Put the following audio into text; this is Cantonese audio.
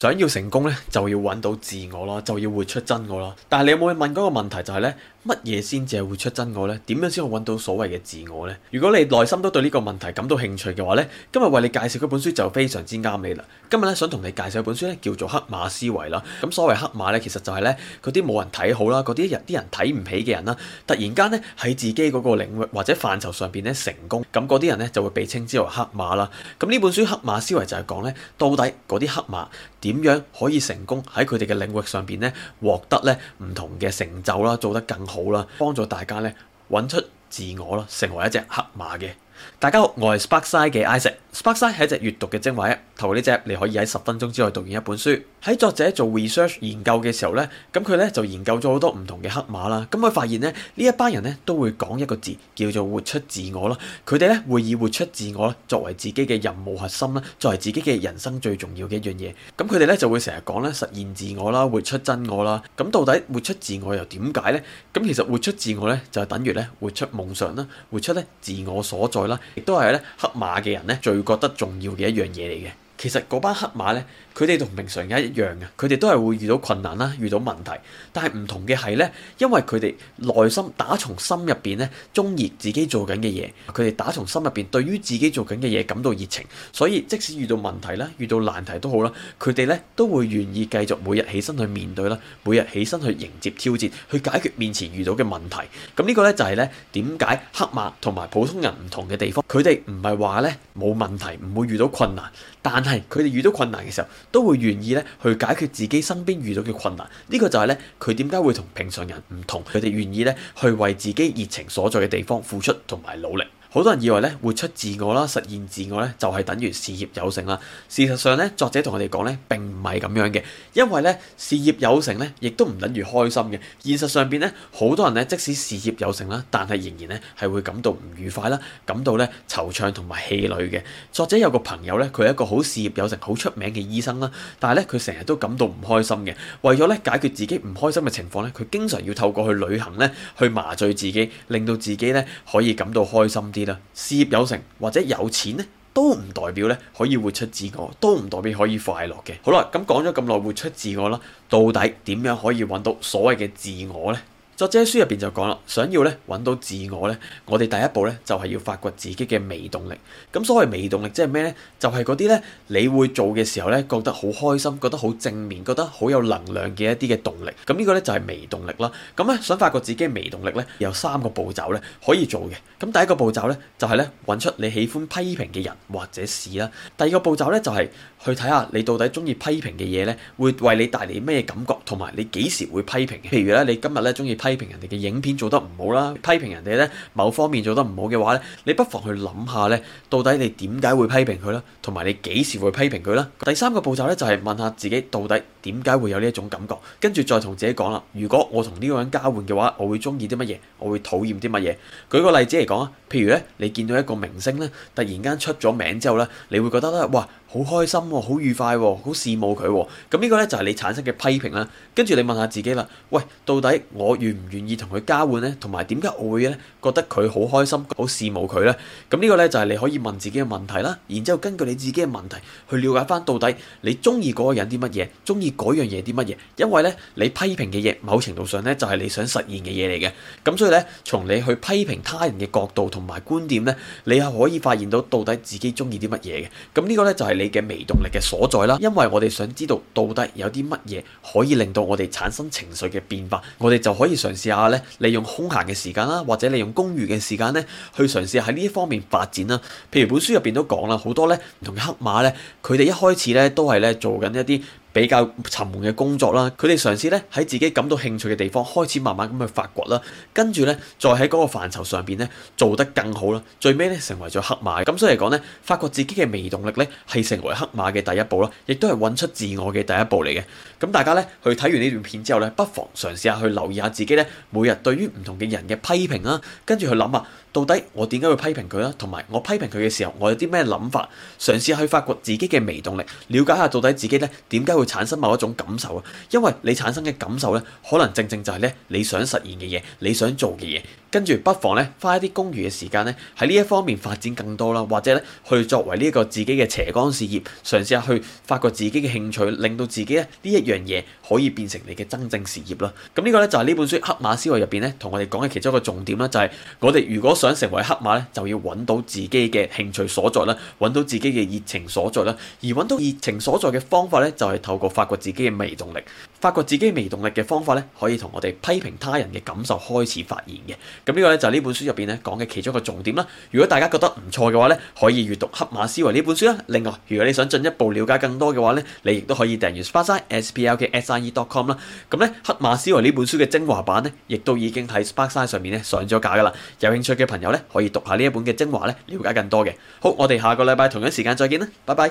想要成功咧，就要揾到自我咯，就要活出真我咯。但係你有冇去問嗰個問題就係咧？乜嘢先至係會出真我呢？點樣先可揾到所謂嘅自我呢？如果你內心都對呢個問題感到興趣嘅話呢，今日為你介紹嗰本書就非常之啱你啦。今日咧想同你介紹一本書咧，叫做《黑馬思維》啦。咁所謂黑馬咧，其實就係咧嗰啲冇人睇好啦，嗰啲啲人睇唔起嘅人啦，突然間咧喺自己嗰個領域或者範疇上邊咧成功，咁嗰啲人咧就會被稱之為黑馬啦。咁呢本書《黑馬思維》就係講咧，到底嗰啲黑馬點樣可以成功喺佢哋嘅領域上邊咧獲得咧唔同嘅成就啦，做得更好。好啦，幫助大家咧，揾出自我啦，成為一隻黑馬嘅。大家好，我係 Sparkside 嘅 Isaac。Sparkside 係一隻閱讀嘅精華，透過呢隻你可以喺十分鐘之內讀完一本書。喺作者做 research 研究嘅時候呢，咁佢呢就研究咗好多唔同嘅黑馬啦。咁佢發現呢，呢一班人呢都會講一個字叫做活出自我啦。佢哋呢會以活出自我咧作為自己嘅任務核心啦，作為自己嘅人生最重要嘅一樣嘢。咁佢哋呢就會成日講呢實現自我啦，活出真我啦。咁到底活出自我又點解呢？咁其實活出自我呢就係等於呢活出夢想啦，活出呢自我所在。亦都係咧，黑馬嘅人咧，最覺得重要嘅一樣嘢嚟嘅。其實嗰班黑馬呢，佢哋同平常人一樣嘅，佢哋都係會遇到困難啦，遇到問題。但係唔同嘅係呢，因為佢哋內心打從心入邊呢，鍾意自己做緊嘅嘢。佢哋打從心入邊對於自己做緊嘅嘢感到熱情，所以即使遇到問題啦，遇到難題都好啦，佢哋呢都會願意繼續每日起身去面對啦，每日起身去迎接挑戰，去解決面前遇到嘅問題。咁呢個呢，就係呢點解黑馬同埋普通人唔同嘅地方。佢哋唔係話呢冇問題，唔會遇到困難，但係係佢哋遇到困難嘅時候，都會願意咧去解決自己身邊遇到嘅困難。呢個就係咧，佢點解會同平常人唔同，佢哋願意咧去為自己熱情所在嘅地方付出同埋努力。好多人以為咧活出自我啦，實現自我咧就係等於事業有成啦。事實上咧，作者同我哋講咧並唔係咁樣嘅，因為咧事業有成咧亦都唔等於開心嘅。現實上邊咧好多人咧即使事業有成啦，但係仍然咧係會感到唔愉快啦，感到咧惆悵同埋氣餒嘅。作者有個朋友咧，佢係一個好事業有成、好出名嘅醫生啦，但係咧佢成日都感到唔開心嘅。為咗咧解決自己唔開心嘅情況咧，佢經常要透過去旅行咧去麻醉自己，令到自己咧可以感到，感到開心啲。事業有成或者有錢呢，都唔代表呢可以活出自我，都唔代表可以快樂嘅。好啦，咁講咗咁耐活出自我啦，到底點樣可以搵到所謂嘅自我呢？作者喺書入邊就講啦，想要咧揾到自我咧，我哋第一步咧就係要發掘自己嘅微動力。咁所謂微動力即係咩咧？就係嗰啲咧你會做嘅時候咧覺得好開心，覺得好正面，覺得好有能量嘅一啲嘅動力。咁呢個咧就係微動力啦。咁咧想發掘自己嘅微動力咧，有三個步驟咧可以做嘅。咁第一個步驟咧就係咧揾出你喜歡批評嘅人或者事啦。第二個步驟咧就係去睇下你到底中意批評嘅嘢咧會為你帶嚟咩感覺，同埋你幾時會批評嘅。譬如咧你今日咧中意批。批評人哋嘅影片做得唔好啦，批評人哋呢某方面做得唔好嘅話呢，你不妨去諗下呢，到底你點解會批評佢啦？同埋你幾時會批評佢啦？第三個步驟呢，就係問下自己到底。點解會有呢一種感覺？跟住再同自己講啦，如果我同呢個人交換嘅話，我會中意啲乜嘢？我會討厭啲乜嘢？舉個例子嚟講啊，譬如咧，你見到一個明星咧，突然間出咗名之後咧，你會覺得咧，哇，好開心，好愉快，好羨慕佢。咁呢個咧就係你產生嘅批評啦。跟住你問下自己啦，喂，到底我願唔願意同佢交換咧？同埋點解我會咧覺得佢好開心、好羨慕佢咧？咁呢個咧就係你可以問自己嘅問題啦。然之後根據你自己嘅問題去了解翻到底你中意嗰個人啲乜嘢，中意。嗰樣嘢啲乜嘢？因為咧，你批評嘅嘢，某程度上咧，就係你想實現嘅嘢嚟嘅。咁所以咧，從你去批評他人嘅角度同埋觀點咧，你係可以發現到到底自己中意啲乜嘢嘅。咁呢個咧就係你嘅微動力嘅所在啦。因為我哋想知道到底有啲乜嘢可以令到我哋產生情緒嘅變化，我哋就可以嘗試下咧，利用空閒嘅時間啦，或者利用公餘嘅時間咧，去嘗試喺呢一方面發展啦。譬如本書入邊都講啦，好多咧唔同黑馬咧，佢哋一開始咧都係咧做緊一啲。比較沉悶嘅工作啦，佢哋嘗試咧喺自己感到興趣嘅地方開始慢慢咁去發掘啦，跟住咧再喺嗰個範疇上邊咧做得更好啦，最尾咧成為咗黑馬。咁所以嚟講咧，發掘自己嘅微動力咧係成為黑馬嘅第一步啦，亦都係搵出自我嘅第一步嚟嘅。咁大家咧去睇完呢段片之後咧，不妨嘗試下去留意下自己咧每日對於唔同嘅人嘅批評啦，跟住去諗啊，到底我點解會批評佢啦？同埋我批評佢嘅時候，我有啲咩諗法？嘗試去發掘自己嘅微動力，了解下到底自己咧點解？會產生某一種感受啊，因為你產生嘅感受咧，可能正正就係咧，你想實現嘅嘢，你想做嘅嘢。跟住不妨咧花一啲工餘嘅時間咧喺呢一方面發展更多啦，或者咧去作為呢一個自己嘅斜槓事業，嘗試下去發掘自己嘅興趣，令到自己咧呢一樣嘢可以變成你嘅真正事業啦。咁、嗯這個、呢個咧就係、是、呢本書《黑馬思維》入邊咧同我哋講嘅其中一個重點啦，就係、是、我哋如果想成為黑馬咧，就要揾到自己嘅興趣所在啦，揾到自己嘅熱情所在啦，而揾到熱情所在嘅方法咧就係、是、透過發掘自己嘅微動力。發覺自己微動力嘅方法咧，可以同我哋批評他人嘅感受開始發言嘅。咁呢個咧就係、是、呢本書入邊咧講嘅其中一個重點啦。如果大家覺得唔錯嘅話咧，可以閱讀《黑馬思維》呢本書啦。另外，如果你想進一步了解更多嘅話咧，你亦都可以訂閱 s p a s i d e S P L 嘅 S I E dot com 啦。咁咧，《黑馬思維》呢本書嘅精華版咧，亦都已經喺 s p a s i d e 上面咧上咗架噶啦。有興趣嘅朋友咧，可以讀下呢一本嘅精華咧，了解更多嘅。好，我哋下個禮拜同樣時間再見啦，拜拜。